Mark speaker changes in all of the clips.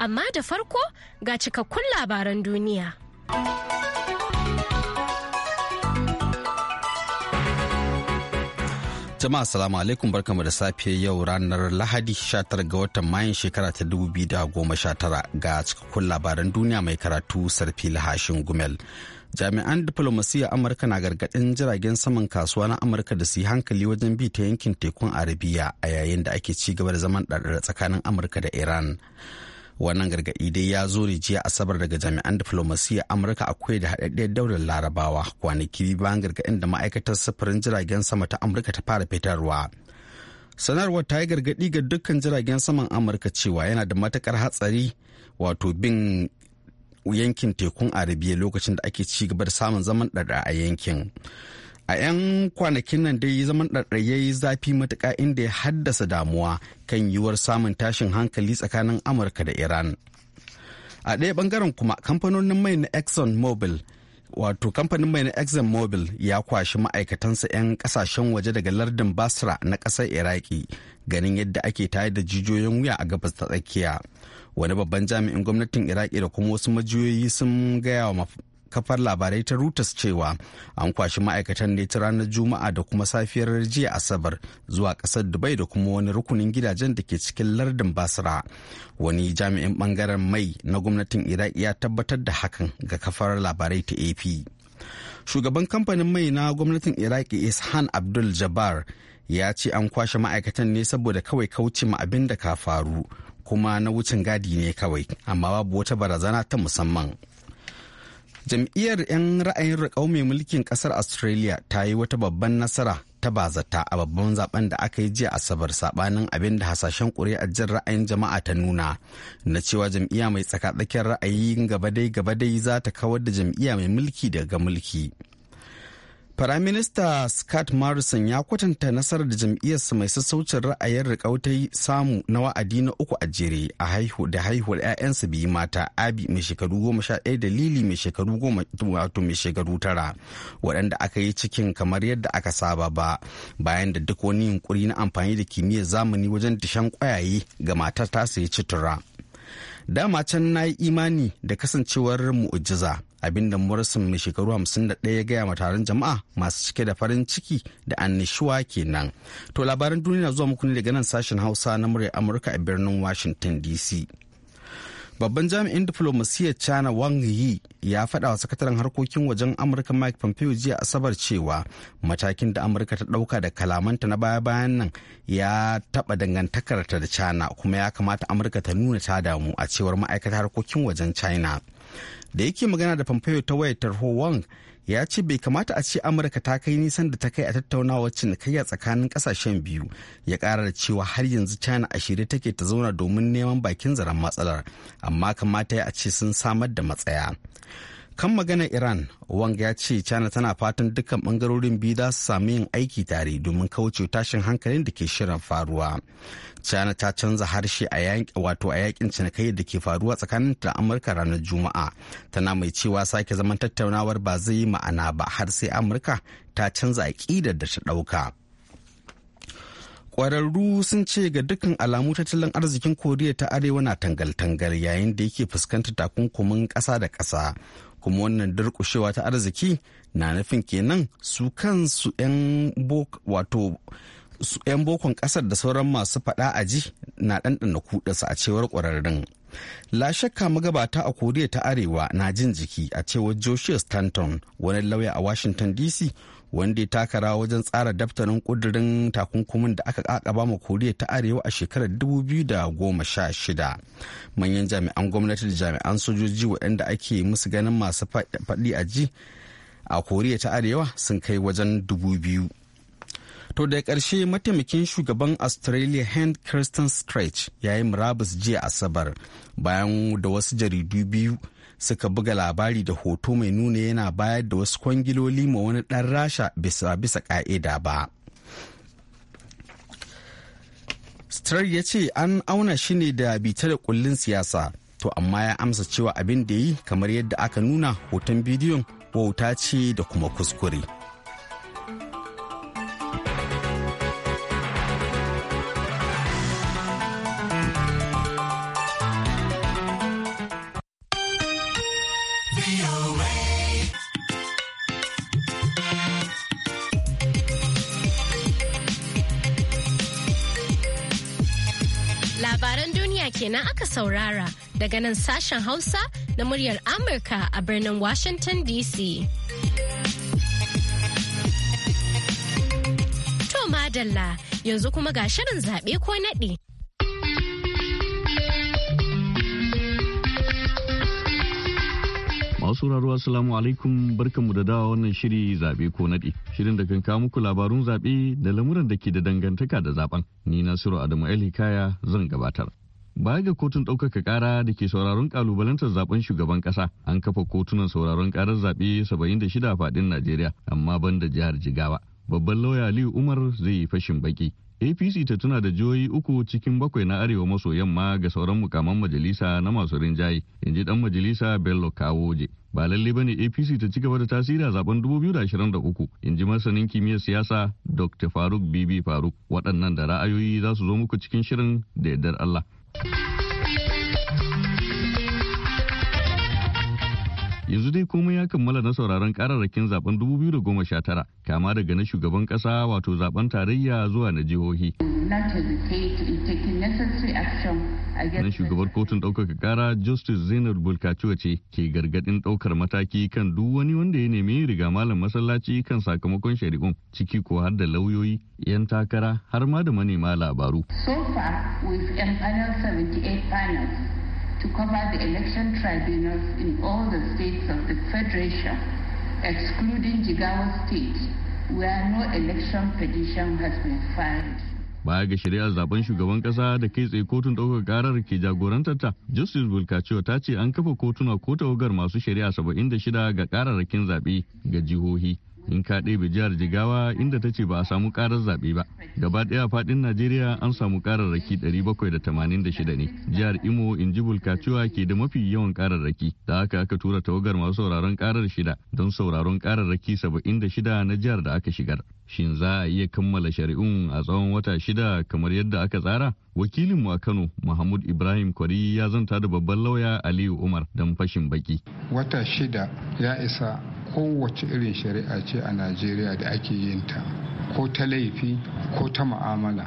Speaker 1: amma da farko ga cikakkun labaran duniya.
Speaker 2: Jama'a salamu alaikum barkamu da safe yau ranar Lahadi 19 ga watan Mayun shekara ta 2019 ga cikakkun labaran duniya mai karatu sarfi lahashin gumel. Jami'an diflomasiyyar Amurka na gargaɗin jiragen saman kasuwa na Amurka da su yi hankali wajen bi ta yankin tekun Arabiya a yayin da ake ci gaba da zaman ɗarɗar tsakanin Amurka da Iran. wannan gargaɗi dai ya zo ne jiya asabar daga jami'an diflomasiyya amurka akwai da haɗaɗɗiyar daular larabawa kwanaki bayan gargaɗin da ma'aikatar sufurin jiragen sama ta amurka ta fara fitarwa sanarwar ta yi gargaɗi ga dukkan jiragen saman amurka cewa yana da matukar hatsari wato bin yankin tekun arabiya lokacin da ake ci gaba da samun zaman ɗaɗa a yankin a 'yan kwanakin nan dai zaman yi zafi matuƙa inda ya haddasa damuwa kan yiwuwar samun tashin hankali tsakanin amurka da iran a ɗaya ɓangaren kuma kamfanonin mai na exxon mobil wato kamfanin mai na exxon mobil ya kwashi ma'aikatansa 'yan ƙasashen waje daga lardin basra na ƙasar iraki ganin yadda ake tayar da jijiyoyin wuya a gabas ta tsakiya wani babban jami'in gwamnatin iraki da kuma wasu majiyoyi sun gaya wa kafar labarai ta Reuters cewa an kwashi ma'aikatan ne ta ranar Juma'a da kuma safiyar jiya Asabar zuwa ƙasar Dubai da kuma wani rukunin gidajen da ke cikin lardin Basra. Wani jami'in ɓangaren mai na gwamnatin Iraq ya tabbatar da hakan ga kafar labarai ta AP. shugaban kamfanin mai na gwamnatin Iraq ishan abdul jabbar ya ce an kwashe ma'aikatan ne saboda kawai kauce ma abin da ka faru kuma na wucin gadi ne kawai amma babu wata barazana ta musamman jam'iyyar 'yan ra'ayin riƙau mai mulkin ƙasar australia ta yi wata babban nasara ta bazata a babban zaben da aka yi jiya asabar sabanin abin da hasashen a jin ra'ayin jama'a ta nuna na cewa jam'iyya mai tsakatsakiyar ra'ayi gaba dai gaba dai za ta kawar da jam'iyya mai mulki daga mulki. Firaminista Scott Morrison ya kwatanta nasarar da jam'iyyarsa mai sassaucin ra'ayin rikautai samu na wa'adi na uku a jere a haihu da haihuwar 'ya'yansa biyu mata Abi mai shekaru goma sha ɗaya da Lili mai shekaru goma wato mai shekaru tara waɗanda aka yi cikin kamar yadda aka saba ba bayan da duk wani yunkuri na amfani da kimiyyar zamani wajen dishan ƙwayaye ga matar ta ya ci Dama can na yi imani da kasancewar mu'ujiza. abinda Morrison mai shekaru 51 ya gaya ma taron jama'a masu cike da farin ciki da annishuwa kenan. To labaran duniya zuwa muku ne daga nan sashen Hausa na murya Amurka a birnin Washington DC. Babban jami'in diflomasiyyar China Wang Yi ya faɗa wa sakataren harkokin wajen Amurka Mike Pompeo jiya Asabar cewa matakin da Amurka ta ɗauka da kalamanta na baya-bayan nan ya taɓa dangantakarta da China kuma ya kamata Amurka ta nuna ta damu a cewar ma'aikatar harkokin wajen China. da yake magana da pompeo ta wayar tarho wang ya ce bai kamata a ce amurka ta kai nisan da ta kai a tattaunawa cinikayya tsakanin kasashen biyu ya kara da cewa har yanzu china a shirye take ta zauna domin neman bakin zaren matsalar amma kamata ya ce sun samar da matsaya kan magana iran wanga ya ce china tana fatan dukkan bangarorin biyu za su sami yin aiki tare domin kauce tashin hankalin da ke shirin faruwa china ta canza harshe a wato a yakin cinikayyar da ke faruwa tsakanin da amurka ranar juma'a tana mai cewa sake zaman tattaunawar ba zai yi ma'ana ba har sai amurka ta canza aƙidar da ta ɗauka kwararru sun ce ga dukkan alamu tattalin arzikin koriya ta arewa na tangal-tangal yayin da yake fuskantar takunkumin ƙasa da ƙasa kuma wannan durƙushewa ta arziki na nufin kenan su kansu 'yan wato yan bokon kasar da sauran masu faɗa a ji na ɗanɗana kuɗinsa a cewar ƙwararrun la shakka magabata a koriya ta arewa na jin jiki a cewar joshua stanton wani lauya a washington dc wanda ya taka rawa wajen tsara daftarin kudirin takunkumin da aka kakaba ma koriya ta arewa a shekarar 2016 manyan jami'an gwamnati da jami'an sojoji waɗanda ake musu ganin masu faɗi a ji a koriya ta arewa sun kai wajen 2000 to da ƙarshe mataimakin shugaban australia hand christian scratch ya yi murabus jiya asabar bayan da wasu jaridu biyu suka buga labari da hoto mai nuna yana bayar da wasu kwangiloli ma wani ɗan rasha bisa bisa ƙa'ida ba. Strar ya ce an auna shi ne da bita da kullin siyasa, to amma ya amsa cewa abin da yi kamar yadda aka nuna hoton bidiyon wauta ce da kuma kuskure.
Speaker 1: saurara daga nan sashen Hausa na muryar Amurka a birnin Washington DC. To madalla yanzu kuma ga shirin zaɓe ko naɗe
Speaker 3: masu sauraro assalamu alaikum barkanmu da dawa wannan shiri zabe ko nadi shirin da kan kawo muku labarun zaɓe da lamuran da ke da dangantaka da zaben ni nasiru adamu el zan gabatar Baya ga kotun ɗaukaka ƙara da ke sauraron kalubalantar zaben shugaban ƙasa, an kafa kotunan sauraron ƙarar zaɓe 76 a faɗin Najeriya, amma ban da jihar Jigawa. Babban lauya Aliyu Umar zai yi fashin baki. APC ta tuna da jihohi uku cikin bakwai na arewa maso yamma ga sauran mukaman majalisa na masu rinjaye, in ji ɗan majalisa Bello Kawoje. Ba lalle ne APC ta ci gaba da tasiri a zaben 2023, in ji masanin kimiyyar siyasa Dr. Faruk Bibi Faruk. Waɗannan da ra'ayoyi za su zo muku cikin shirin da yardar Allah. Bye. yanzu dai komai ya kammala na sauraron kararrakin zaben 2019 kama daga na shugaban kasa wato zaben tarayya zuwa na jihohi na shugabar kotun ɗaukaka kara justice zainab bulkaciwa ce ke gargadin ɗaukar mataki kan duk wani wanda ya nemi riga malam masallaci kan sakamakon shari'un ciki ko har da lauyoyi 'yan takara har ma da manema labaru
Speaker 2: so far
Speaker 4: to cover the election tribunals in all the states of the Federation, excluding Jigawa State, where no election
Speaker 5: petition has been filed.
Speaker 3: baya ga shari'ar zaben shugaban kasa da kai tsaye kotun ɗaukar karar ke jagorantarta justice bulkaciyo ta ce an kafa kotuna ko tawagar masu shari'a 76 ga kararrakin zaɓe ga jihohi in ka ɗebe jihar jigawa inda ta ce ba a samu karar zaɓe ba gaba ɗaya faɗin najeriya an samu kararraki shida ne jihar imo in ji kaciwa ke da mafi yawan kararraki da haka aka tura tawagar masu sauraron karar shida don sauraron kararraki shida na jihar da aka shigar shin za a iya kammala shari'un a tsawon wata shida kamar yadda aka tsara wakilinmu a kano mahmud ibrahim kwari ya zanta da babban lauya aliyu umar don fashin baki
Speaker 5: wata shida ya isa kowace irin shari'a ce a najeriya da ake yin ta ko ta laifi ko ta ma'amala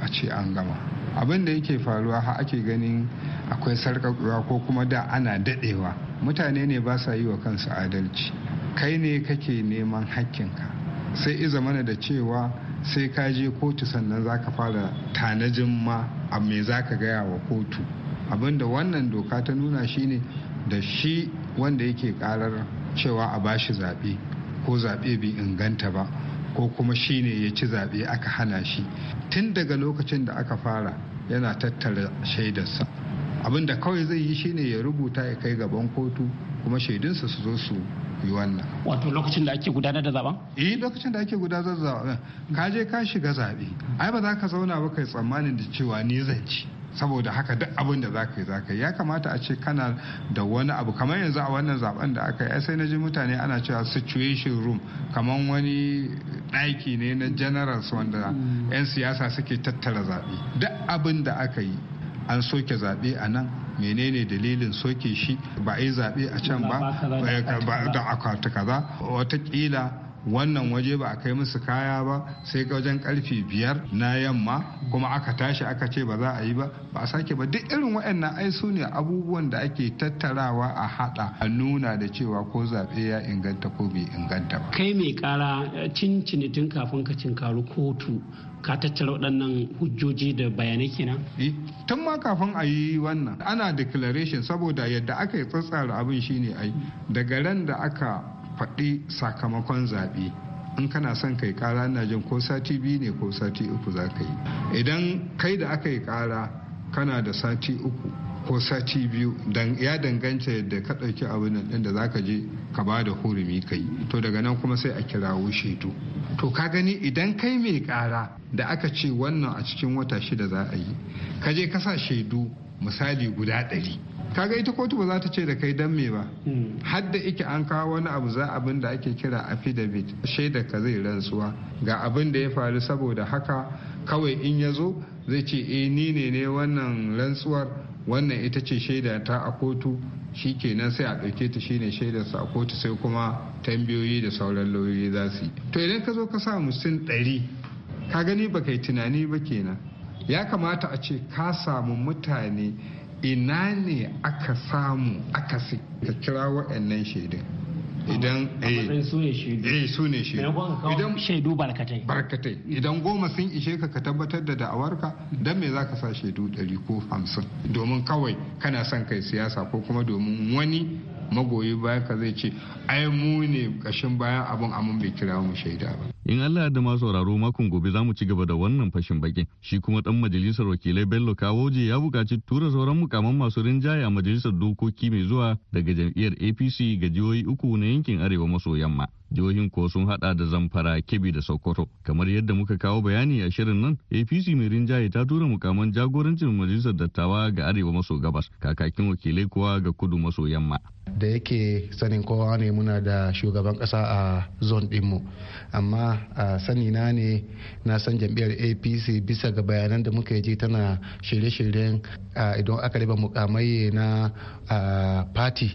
Speaker 5: a ce an gama abin da yake faruwa ha ake ganin akwai sarƙaƙuwa ko kuma da ana daɗewa mutane ne ba sa yi wa kansu adalci kai ne kake neman hakkinka sai iza mana da cewa sai ka je kotu sannan za ka fara tanajin ma a me za ka gaya wa kotu abinda wannan doka ta nuna shine da shi wanda yake karar cewa a bashi zaɓe ko zaɓe bai inganta ba ko kuma shi ne ya ci zaɓe aka hana shi tun daga lokacin da aka fara yana tattara shaidarsa abin da kawai zai yi shine ya rubuta ya kai gaban kotu kuma shaidunsa su zo su yi wannan wato lokacin da ake gudanar da zaben eh lokacin da ake gudanar da zaben ka je ka shiga zaɓe ai ba za ka zauna ba kai tsammanin da cewa ni zan ci saboda haka duk abin da zaka yi zaka ya kamata a ce kana da wani abu kamar yanzu a wannan zaben da aka yi sai na ji mutane ana cewa situation room kamar wani ɗaki ne na generals wanda 'yan siyasa suke tattara zaɓe duk abin da aka yi an soke zaɓe a nan menene dalilin soke shi ba a yi zaɓe a can ba eh, da akwati kaza watakila wannan waje ba a kai musu kaya ba sai ga wajen karfe biyar na yamma kuma aka tashi aka ce ba za a yi ba ba a sake ba duk irin waɗannan ai su ne abubuwan da ake tattarawa a hada a nuna da cewa ko zaɓe ya inganta ko bai inganta
Speaker 6: ba kai mai kara cin cinitin kafin ka cinkaru kotu ka tattara waɗannan hujjoji da bayanai kenan? Eh, tun ma kafin a
Speaker 5: yi wannan ana declaration saboda yadda aka yi tsatsara abin shine ai daga ran da aka faɗi sakamakon zaɓe in kana son kai kara na jin ko sati biyu ne ko sati uku za ka yi idan kai da aka yi kara kana da sati uku ko sati biyu ya danganta yadda ka ɗauki abu nan da za ka je ka ba da hurumi ka yi to daga nan kuma sai a kirawo shaidu to ka gani idan kai mai kara da aka ce wannan a cikin wata shida za a yi ka je ka sa shaidu misali guda ɗari kaga ita kotu ba za ta ce da kai dan me ba hmm. har da ike an kawo wani abu za abin da ake kira affidavit shaida ka zai rantsuwa ga abin da ya faru saboda haka kawai in ya zo zai ce eh ni ne ne wannan rantsuwar wannan ita ce shaida ta a kotu shi kenan sai a ɗauke ta shine shaidarsa a kotu sai kuma tambayoyi da sauran lauyoyi za su yi to idan ka zo ka sa mutum ɗari ka gani ba kai tunani ba kenan ya kamata a ce ka samu mutane ina ne aka samu aka si ka kira waɗannan shaidun idan eh su ne shaidu eh, idan shaidu barkatai barkatai idan goma sun ishe ka ka tabbatar da da'awarka dan me zaka sa shaidu ɗari ko hamsin domin kawai kana son kai siyasa ko kuma domin wani magoyi baya ka zai ce ai mu ne kashin baya abun amin bai kira mu shaida ba
Speaker 3: in Allah da masu sauraro makon gobe za mu ci gaba da wannan fashin bakin shi kuma dan majalisar wakilai Bello Kawoje ya bukaci tura sauran mukaman masu rinjaya a majalisar dokoki mai zuwa daga jam'iyyar APC ga jihohi uku na yankin arewa maso yamma jihohin ko sun hada da Zamfara Kebbi da Sokoto kamar yadda muka kawo bayani a shirin nan APC mai rinjaye ta tura mukaman jagorancin majalisar dattawa ga arewa maso gabas kakakin wakilai kuwa ga kudu maso yamma
Speaker 7: da yake sanin kowa ne muna da shugaban ƙasa a zon dinmu amma a sani na ne na san jam'iyyar apc bisa ga bayanan da muka je tana shirye-shiryen idan aka riba mukamai na party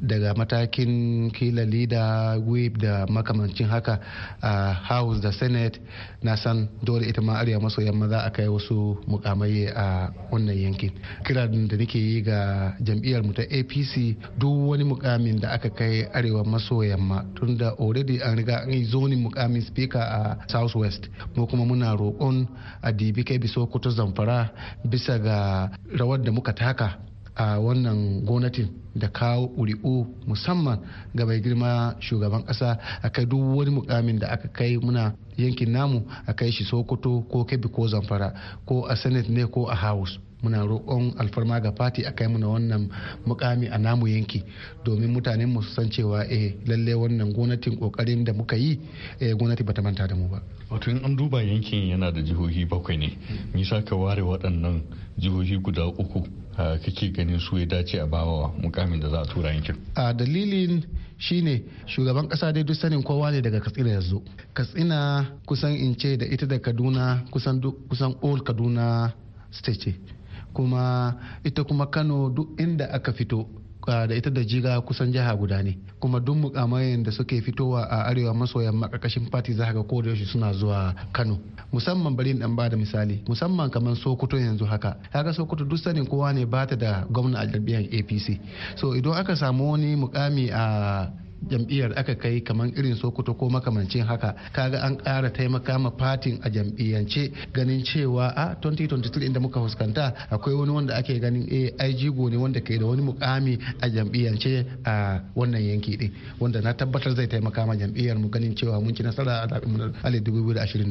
Speaker 7: daga matakin kila leader whip da makamancin haka a house da senate na san dole ita ma arewa maso yamma za a kai wasu mukamai a wannan yankin kiran da nake yi ga jam'iyyar mu ta apc duk wani mukamin da aka kai arewa maso yamma tunda already an riga an yi zonin mukamin speaker a southwest mu kuma muna roƙon a dibi kai biso kuta zamfara bisa ga rawar da muka taka a wannan gonatin da kawo ƙuri'u musamman ga mai girma shugaban ƙasa a kai duk wani mukamin da aka kai muna yankin namu a kai shi sokoto ko kebbi ko zamfara ko a senate ne ko a house muna roƙon alfarma ga fati a kai muna wannan mukami a namu yanki domin mutanen mu san cewa eh lalle wannan gwamnatin kokarin da muka yi eh gwamnati bata manta da mu ba
Speaker 3: wato in an duba yankin yana da jihohi bakwai ne ni ka ware waɗannan jihohi guda uku kake ganin su ya dace a bawa mukamin da za a tura yankin
Speaker 7: a dalilin shine shugaban kasa dai duk sanin kowa ne daga katsina yanzu katsina kusan in ce da ita da kaduna kusan all kaduna state kuma ita kuma kano duk inda aka fito da ita da jiga kusan jiha guda ne kuma duk mukamayen da suke fitowa a arewa maso yamma karkashin fati za ga ko yaushe suna zuwa kano musamman bari dan ba da misali musamman kamar sokoto yanzu haka kaga sokoto duk sanin kowa ne ba ta da gwamna a apc so idan aka samu wani mukami a jam'iyyar aka kai kamar irin sokoto ko makamancin haka kaga an kara taimaka ma fatin a jam'iyyance ganin cewa a 2023 inda muka fuskanta akwai wani wanda ake ganin eh, ai jigo ne wanda ke da wani mukami a jam'iyyance a wannan yanki din wanda na tabbatar zai taimaka ma jam'iyyar mu ganin cewa mun ci nasara a zaɓen 2023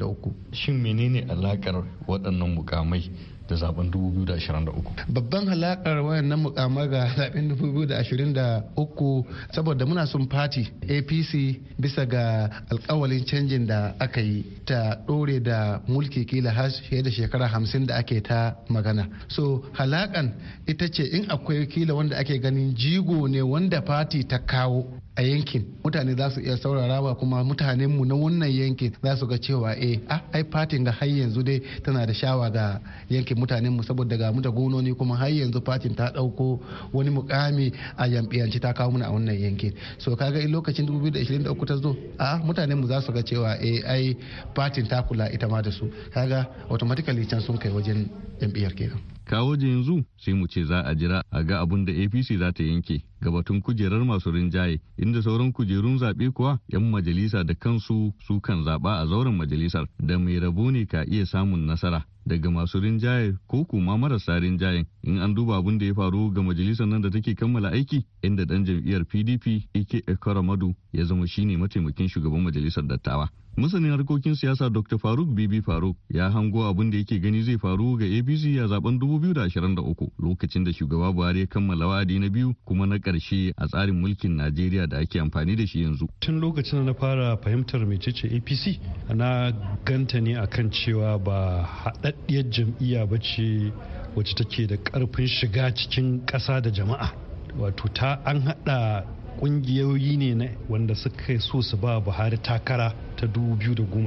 Speaker 3: shin menene alakar waɗannan mukamai da zaben 2023
Speaker 7: babban halakar wayannan mukamar ga zaben 2023 saboda muna sun fati apc bisa ga alkawalin canjin da aka yi ta dore da mulki kila har fiye da shekara hamsin da ake ta magana so halakan ita ce in akwai kila wanda ake ganin jigo ne wanda fati ta kawo a yankin mutane za su iya saurara wa kuma mutanenmu na wannan yankin za su ga cewa eh ah, ai fatin ga har yanzu dai tana da shawa ga yankin mutanenmu saboda ga muta gononi kuma har yanzu fatin ta dauko wani mukami a yambiyanci ta kawo muna a wannan yankin so kaga in lokacin 2023 ta zo a mutanenmu za su ga cewa eh ai fatin ta kula ita ma da su kaga automatically can sun kai wajen yambiyar kenan
Speaker 3: kawo da yanzu sai mu ce za a jira a ga abin da apc za ta yanke gabatun kujerar masu rinjaye inda sauran kujerun zaɓe kuwa 'yan majalisa da kansu su kan zaɓa a zauren majalisar da mai rabo ne ka iya samun nasara daga masu rinjaye ko kuma marasa rinjaye in an duba abin da ya faru ga majalisar nan da take kammala aiki inda dan jam'iyyar pdp ike ekoramadu ya zama shine mataimakin shugaban majalisar dattawa masanin harkokin siyasa dr faruk bibi faruk ya hango abin da yake gani zai faru ga apc a zaben 2023 lokacin da shugaba buhari ya kammala wa'adi na biyu kuma na karshe a tsarin mulkin najeriya da ake amfani da shi yanzu
Speaker 8: tun lokacin da na fara fahimtar mecece apc na ganta ne akan cewa ba daɗaɗɗiyar jam'iyya ba ce wacce take da ƙarfin shiga cikin ƙasa da jama'a wato ta an haɗa ƙungiyoyi ne wanda suka so su ba buhari takara ta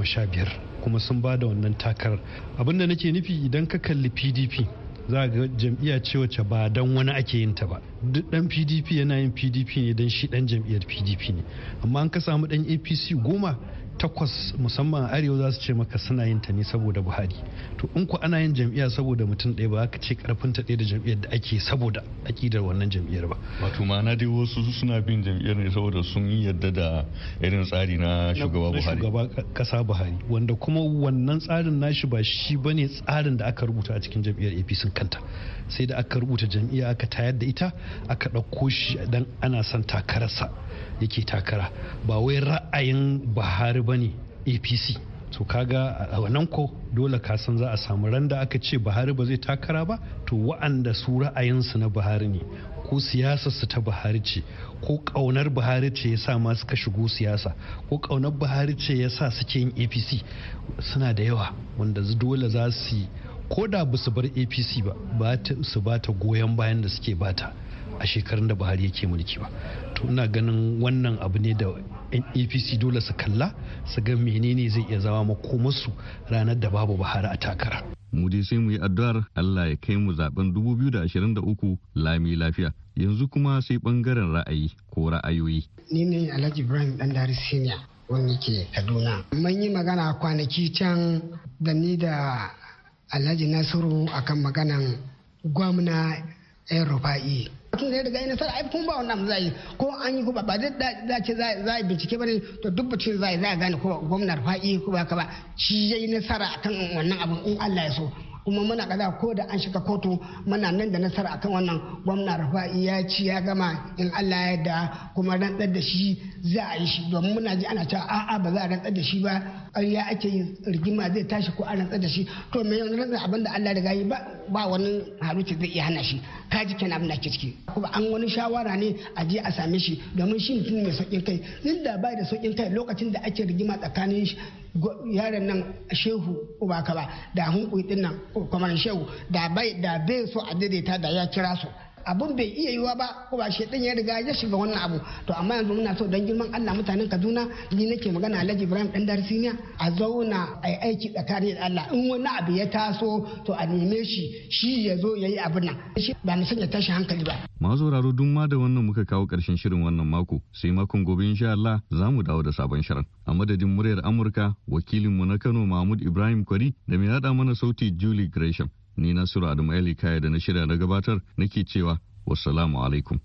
Speaker 8: sha biyar kuma sun ba da wannan takarar abinda nake nufi idan ka kalli pdp za ga jam'iyya ce wacce ba don wani ake yin ta ba duk dan pdp yana yin pdp ne don shi dan jam'iyyar pdp ne amma an ka samu dan apc goma takwas musamman arewa za su ce maka suna yin ta ne saboda buhari to in ku ana yin jam'iyya saboda mutum ɗaya ba ka ce karfin ta ɗaya da jam'iyyar da
Speaker 3: ake saboda akidar wannan jam'iyyar ba wato ma'ana dai wasu suna bin jam'iyyar ne saboda sun yi yadda da irin tsari na shugaba buhari na shugaba kasa buhari
Speaker 8: wanda kuma wannan tsarin nashi ba shi bane tsarin da aka rubuta a cikin jam'iyyar apc kanta sai da aka rubuta jam'iyya aka tayar da ita aka ɗauko shi dan ana son takararsa yake takara ba wai ra'ayin buhari bane ne apc to kaga a wannan ko dole ka san za a samu ran da aka ce buhari ba zai takara ba to wa'anda su ra'ayinsu na buhari ne ko su ta buhari ce ko kaunar buhari ce yasa sa ma suka shigo siyasa ko kaunar buhari ce yasa suke yin apc suna da yawa wanda dole za su yi ko da ba su bar apc ba su ba ta goyon bayan da suke bata a shekarun da buhari yake mulki ba to ina ganin wannan abu ne da apc dole su kalla su ga menene zai iya zama makomarsu ranar da babu buhari a takara
Speaker 3: mu dai sai mu yi addu'ar allah ya kai mu zaben 2023 lami lafiya yanzu kuma sai bangaren ra'ayi ko ra'ayoyi
Speaker 8: ni ne
Speaker 9: alhaji ibrahim dan dari senior wani ke kaduna mun yi magana kwanaki can da ni da alhaji nasiru akan maganan gwamna yan rufa'i mutum zai riga nasara ai kuma ba wannan zai ko an yi kuma ba zai za za yi bincike ba ne to duk bacin zai zai gane ko gwamnar fa'i ko ba ka ba shi yayi nasara akan wannan abu in Allah ya so kuma muna kaza ko da an shiga kotu muna nan da nasara akan wannan gwamna rafa'i ya ci ya gama in Allah ya da kuma rantsar da shi za a yi shi domin muna ji ana cewa a'a ba za a rantsar da shi ba ƙarya ake yi rigima zai tashi ko a rantsar da shi to me yanzu rantsar abin da Allah riga yi ba wani haruci zai iya hana shi ka ji kenan abin da ke ciki kuma an wani shawara ne a je a same shi domin shi mutum mai saukin kai inda ba bai da saukin kai lokacin da ake rigima tsakanin yaron nan shehu uba ka ba da hunkuri din nan kwamaran shehu da bai so a daidaita da ya kira su abun bai iya yiwa ba ko ba shi ya riga ya shiga wannan abu to amma yanzu muna so dan girman Allah mutanen Kaduna ni nake magana Alhaji Ibrahim dan Darsiniya a zauna ai aiki tsakanin Allah in wani abu ya taso to a neme shi shi ya zo yayi abin nan shi ba mu sanya tashi hankali ba
Speaker 3: Ma sauraro duk ma da wannan muka kawo karshen shirin wannan mako sai makon gobe insha Allah za mu dawo da sabon shirin a madadin muryar Amurka wakilin mu na Kano Mahmud Ibrahim Kwari da mai hada mana sauti Julie Gresham ni nasiru adamu ali kaya da na shirya na gabatar nake cewa wassalamu alaikum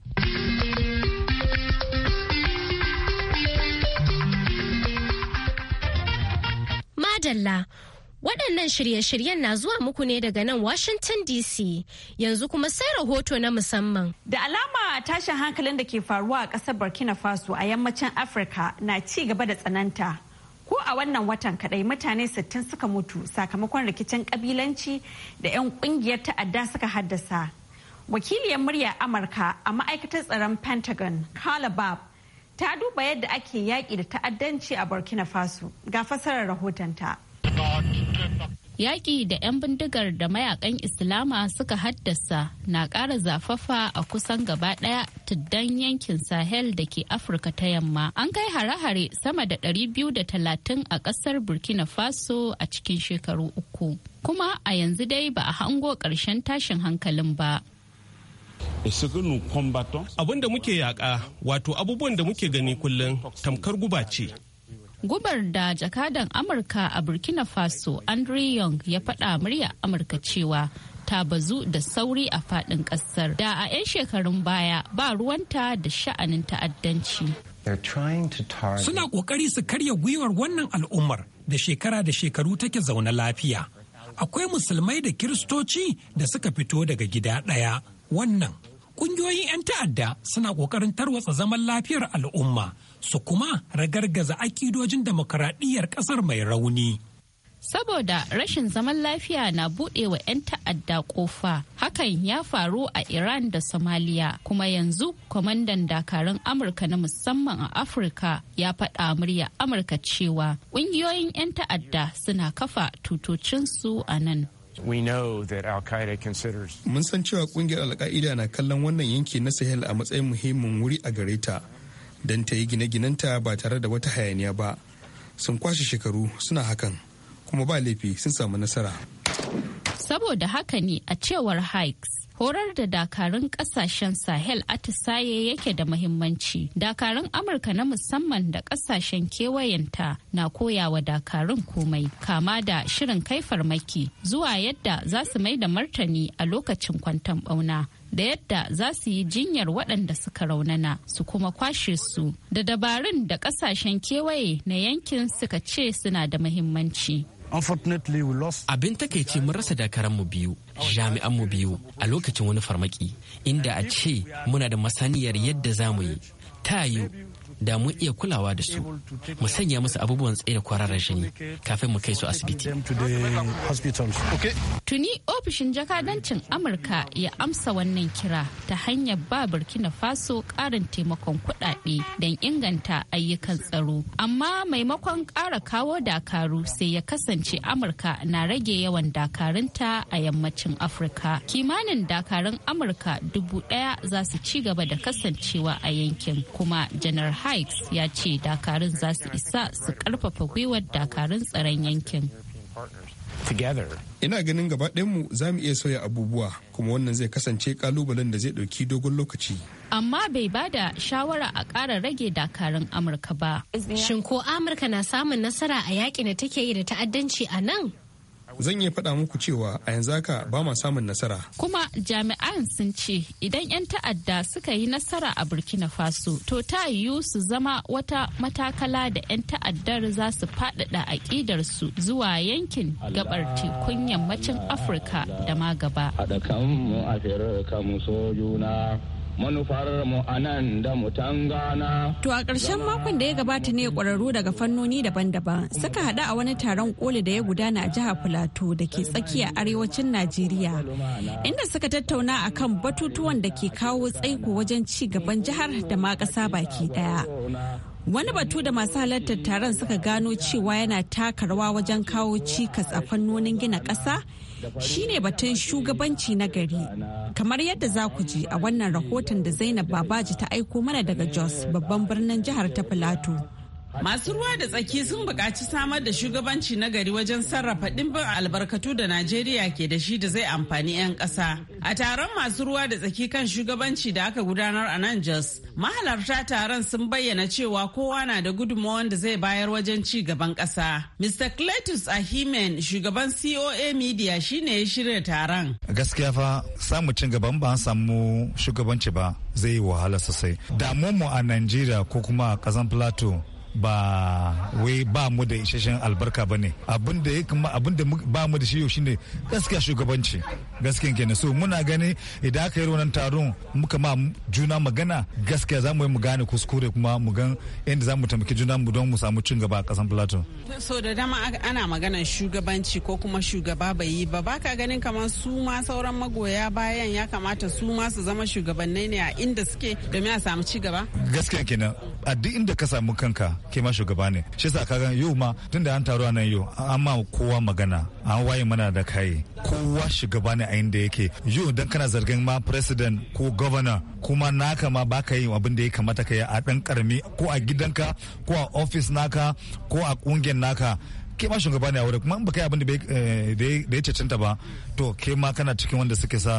Speaker 1: madalla Waɗannan shirye-shiryen na zuwa muku ne daga nan Washington DC yanzu kuma sai
Speaker 10: rahoto na musamman. Da alama tashin hankalin da ke faruwa a ƙasar Burkina Faso a yammacin Afirka na ci gaba da tsananta. ko a wannan watan kadai mutane 60 suka mutu sakamakon rikicin kabilanci da 'yan kungiyar ta'adda suka haddasa wakiliyar murya amurka a ma'aikatar tsaron pentagon carla ta duba yadda ake yaƙi da ta'addanci a burkina faso ga fasarar rahotonta
Speaker 4: Yaƙi da 'yan bindigar da mayakan Islama suka haddasa na ƙara zafafa a kusan gaba ɗaya tuddan yankin Sahel da ke Afirka ta yamma. An kai hare-hare sama da 230 a ƙasar Burkina Faso a cikin shekaru uku. Kuma a yanzu dai ba a hango ƙarshen tashin hankalin ba.
Speaker 2: Abin da muke yaƙa wato abubuwan da muke gani kullum
Speaker 11: tamkar guba ce.
Speaker 4: gubar da jakadan amurka a burkina faso andre young ya faɗa murya amurka cewa ta bazu da sauri a faɗin ƙasar da a 'yan shekarun baya ba ruwanta da sha'anin ta'addanci
Speaker 5: suna
Speaker 8: ƙoƙari su karya gwiwar wannan al'ummar da shekara da shekaru take zaune lafiya akwai musulmai da kiristoci da suka fito daga gida ɗaya wannan ƙungiyoyin 'yan ta'adda suna ƙoƙarin tarwatsa zaman lafiyar al'umma su kuma ragargaza akidojin demokaradiyyar ƙasar mai rauni.
Speaker 4: Saboda rashin zaman lafiya na buɗewa 'yan ta'adda ƙofa, hakan ya faru a Iran da Somalia, kuma yanzu kwamandan dakarun Amurka na musamman a Afirka ya faɗa murya Amurka cewa ƙungiyoyin 'yan ta'adda suna kafa tutocinsu a nan.
Speaker 5: Mun san cewa ƙungiyar al na kallon wannan yanki na Sahel a matsayin muhimmin wuri a gare ta. don ta yi gine-ginenta ba tare da wata hayaniya ba sun kwashe shekaru suna hakan kuma ba laifi sun samu nasara
Speaker 4: saboda haka ne a cewar hikes horar da dakarun kasashen sahel atisaye yake da mahimmanci dakarun amurka na musamman da kasashen kewayenta na koyawa dakarun komai kama da shirin kai farmaki zuwa yadda za su mai da martani a lokacin kwanton bauna da yadda za su yi jinyar waɗanda suka raunana su kuma kwashe su da dabarun da ƙasashen kewaye na yankin suka ce suna da muhimmanci.
Speaker 2: Abin takaici mun rasa mu biyu, jami'anmu biyu a lokacin wani farmaki, inda a ce muna da masaniyar yadda za mu yi. Ta yiwu da mu iya kulawa da su mu sanya musu abubuwan tsaye da kwararar jini kafin mu kai su asibiti.
Speaker 4: Tuni ofishin jakadancin Amurka ya amsa wannan kira ta hanyar ba Burkina Faso karin taimakon kuɗaɗe don inganta ayyukan tsaro. Amma maimakon ƙara kawo dakaru sai ya kasance Amurka na rage yawan dakarunta a yammacin Afirka. Kimanin dakarun Amurka dubu ɗaya za su ci gaba da kasancewa a yankin kuma janar Hikes ya ce dakarun za su isa su karfafa gwiwar dakarun tsaron yankin.
Speaker 5: Ina ganin gaba mu za mu iya sauya abubuwa kuma wannan zai kasance kalubalen da zai ɗauki dogon lokaci.
Speaker 4: Amma bai ba da shawara a ƙara rage dakarun Amurka ba. Shin ko Amurka na samun nasara a yaƙi da take yi da ta'addanci a nan?
Speaker 5: zan iya faɗa muku cewa a yanzu haka ba ma samun nasara.
Speaker 4: Kuma jami'an sun ce idan 'yan ta'adda suka yi nasara a Burkina Faso to ta yiwu su zama wata matakala da 'yan ta'addar za su faɗaɗa aƙidarsu zuwa yankin gabar tekun yammacin Afirka da ma gaba.
Speaker 5: juna. manufar mu nan da mu tangana. To a ƙarshen
Speaker 4: makon
Speaker 10: da ya gabata ne ƙwararru daga fannoni daban-daban suka haɗu a wani taron koli da ya gudana a jihar Filato da ke tsakiya arewacin Najeriya inda suka tattauna a kan batutuwan da ke kawo tsaiko wajen ci gaban jihar da ma ƙasa baki ɗaya. Wani batu da masu halartar taron suka gano cewa yana taka rawa wajen kawo cikas a fannonin gina ƙasa shine batun shugabanci na gari. Kamar yadda za ku ji a wannan rahoton da Zainab Babaji ta aiko mana daga Jos babban birnin jihar ta Filato.
Speaker 6: Masu ruwa da tsaki sun buƙaci samar da shugabanci na gari wajen sarrafa ɗimbin albarkatu da Najeriya ke da shi da zai amfani 'yan ƙasa. A taron masu ruwa da tsaki kan shugabanci da aka gudanar a nan Jos, mahalarta taron sun bayyana cewa kowa na da gudunmawar da zai bayar wajen ci gaban ƙasa. Mr. Cletus Ahimen, shugaban COA Media shine ya shirya taron.
Speaker 11: Gaskiya fa samu cin gaban ba samu shugabanci ba zai yi wahala sosai. Damuwar mu a Najeriya ko kuma a ƙasan Plateau ba wai ba mu da isasshen albarka ba ne abinda ya kuma da ba mu da shi yau shine gaskiya shugabanci gaskiya kenan so muna gani idan aka yi wannan taron muka ma juna magana gaskiya za mu yi mu gane kuskure kuma mu gan yadda za mu taimaki juna mu don mu samu cin gaba a kasan plateau
Speaker 6: so da dama ana maganar shugabanci ko kuma shugaba bai yi ba baka ganin kamar su ma sauran magoya bayan ya kamata su ma su zama shugabannai ne a inda suke domin a samu ci gaba
Speaker 11: gaskiya kenan a duk inda ka samu kanka ke ma shugaba ne shi yasa kaga yau ma da an taru nan yau an ma kowa magana an waye mana da kai kowa shugaba ne a inda yake yau dan kana zargin ma president ko governor kuma naka ma baka yin abin da ya kamata ka yi a dan karami ko a gidanka ko a office naka ko a kungiyar naka ke ma shugaba ne a wurin kuma in baka yi abin eh, da ya cancanta ba to ke ma kana cikin wanda suke sa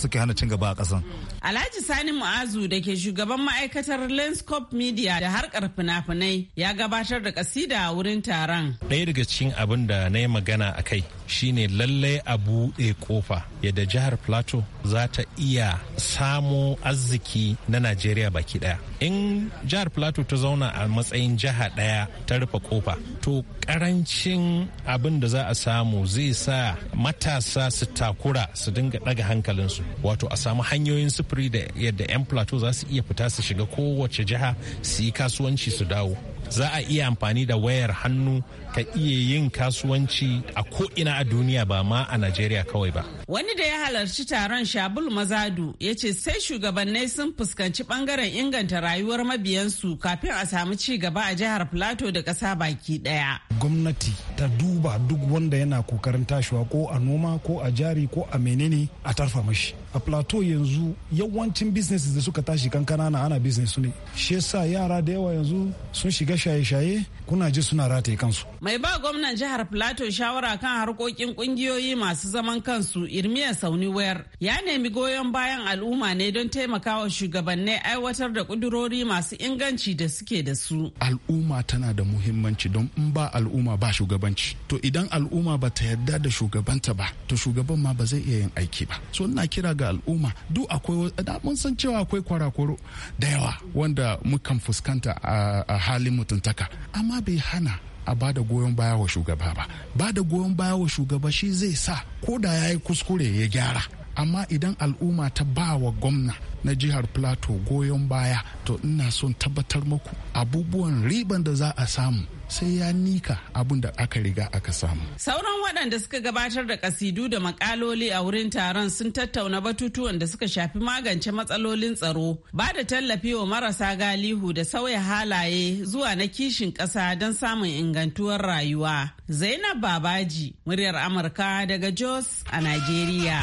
Speaker 11: suke hana cin gaba a kasan.
Speaker 6: Alhaji Sani Mu'azu da ke shugaban ma'aikatar Lenscope Media da harkar fina-finai ya gabatar da kasida a wurin taron.
Speaker 2: Ɗaya daga cikin abin da na yi magana a kai shine lallai a buɗe kofa yadda jihar Plateau za ta iya
Speaker 8: samo arziki na Najeriya baki ɗaya. In jihar Plateau ta zauna a matsayin jiha ɗaya ta rufe kofa to ƙarancin abin da za a samu
Speaker 2: zai sa matasa za su takura su dinga ɗaga hankalinsu wato a samu hanyoyin sufuri da yadda 'yan plateau za su iya fita su shiga kowace jiha su yi kasuwanci su dawo za a iya amfani da wayar hannu ka iya yin kasuwanci a ko'ina a duniya ba ma a Najeriya kawai ba.
Speaker 6: Wani da ya halarci taron Shabul Mazadu ya ce sai shugabannai sun fuskanci bangaren inganta rayuwar mabiyansu kafin a samu ci gaba a jihar Plateau da ƙasa baki ɗaya.
Speaker 11: Gwamnati ta duba duk wanda yana kokarin tashiwa ko a noma ko a jari ko a menene a tarfa mashi. A Plateau yanzu yawancin business da suka tashi kankana na ana business ne. Shi yasa yara da yawa yanzu sun shiga shaye-shaye kuna ji suna rataye kansu.
Speaker 6: Mai ba gwamnan jihar Plateau shawara kan harkokin kungiyoyi masu zaman kansu Irmiya Sauni Wayar ya nemi goyon bayan al'umma ne don taimakawa shugabannin aiwatar da kudurori masu inganci da suke da su.
Speaker 7: Al'umma tana da muhimmanci don in ba al'umma ba shugabanci. To idan al'umma ba ta yarda da shugabanta ba, to shugaban ma ba zai iya yin aiki ba. So ina kira ga al'umma duk akwai mun san cewa akwai kwarakoro da yawa wanda mukan fuskanta a halin mutuntaka amma bai hana a ba da goyon baya wa shugaba ba ba da goyon baya wa shugaba shi zai sa ko da ya yi kuskure ya gyara amma idan al'umma ta ba wa gwamna na jihar plateau goyon baya to ina son tabbatar muku abubuwan riban da za a samu sai ya nika abin da aka riga aka samu.
Speaker 6: Sauran waɗanda suka gabatar da kasidu da makaloli a wurin taron sun tattauna batutuwan da suka shafi magance matsalolin tsaro, ba da tallafi wa marasa galihu da sauya halaye zuwa na kishin ƙasa don samun ingantuwar rayuwa. Zainab Babaji, muryar Amurka daga Jos a Najeriya.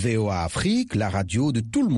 Speaker 11: VOA Afrique, la radio de tout le monde.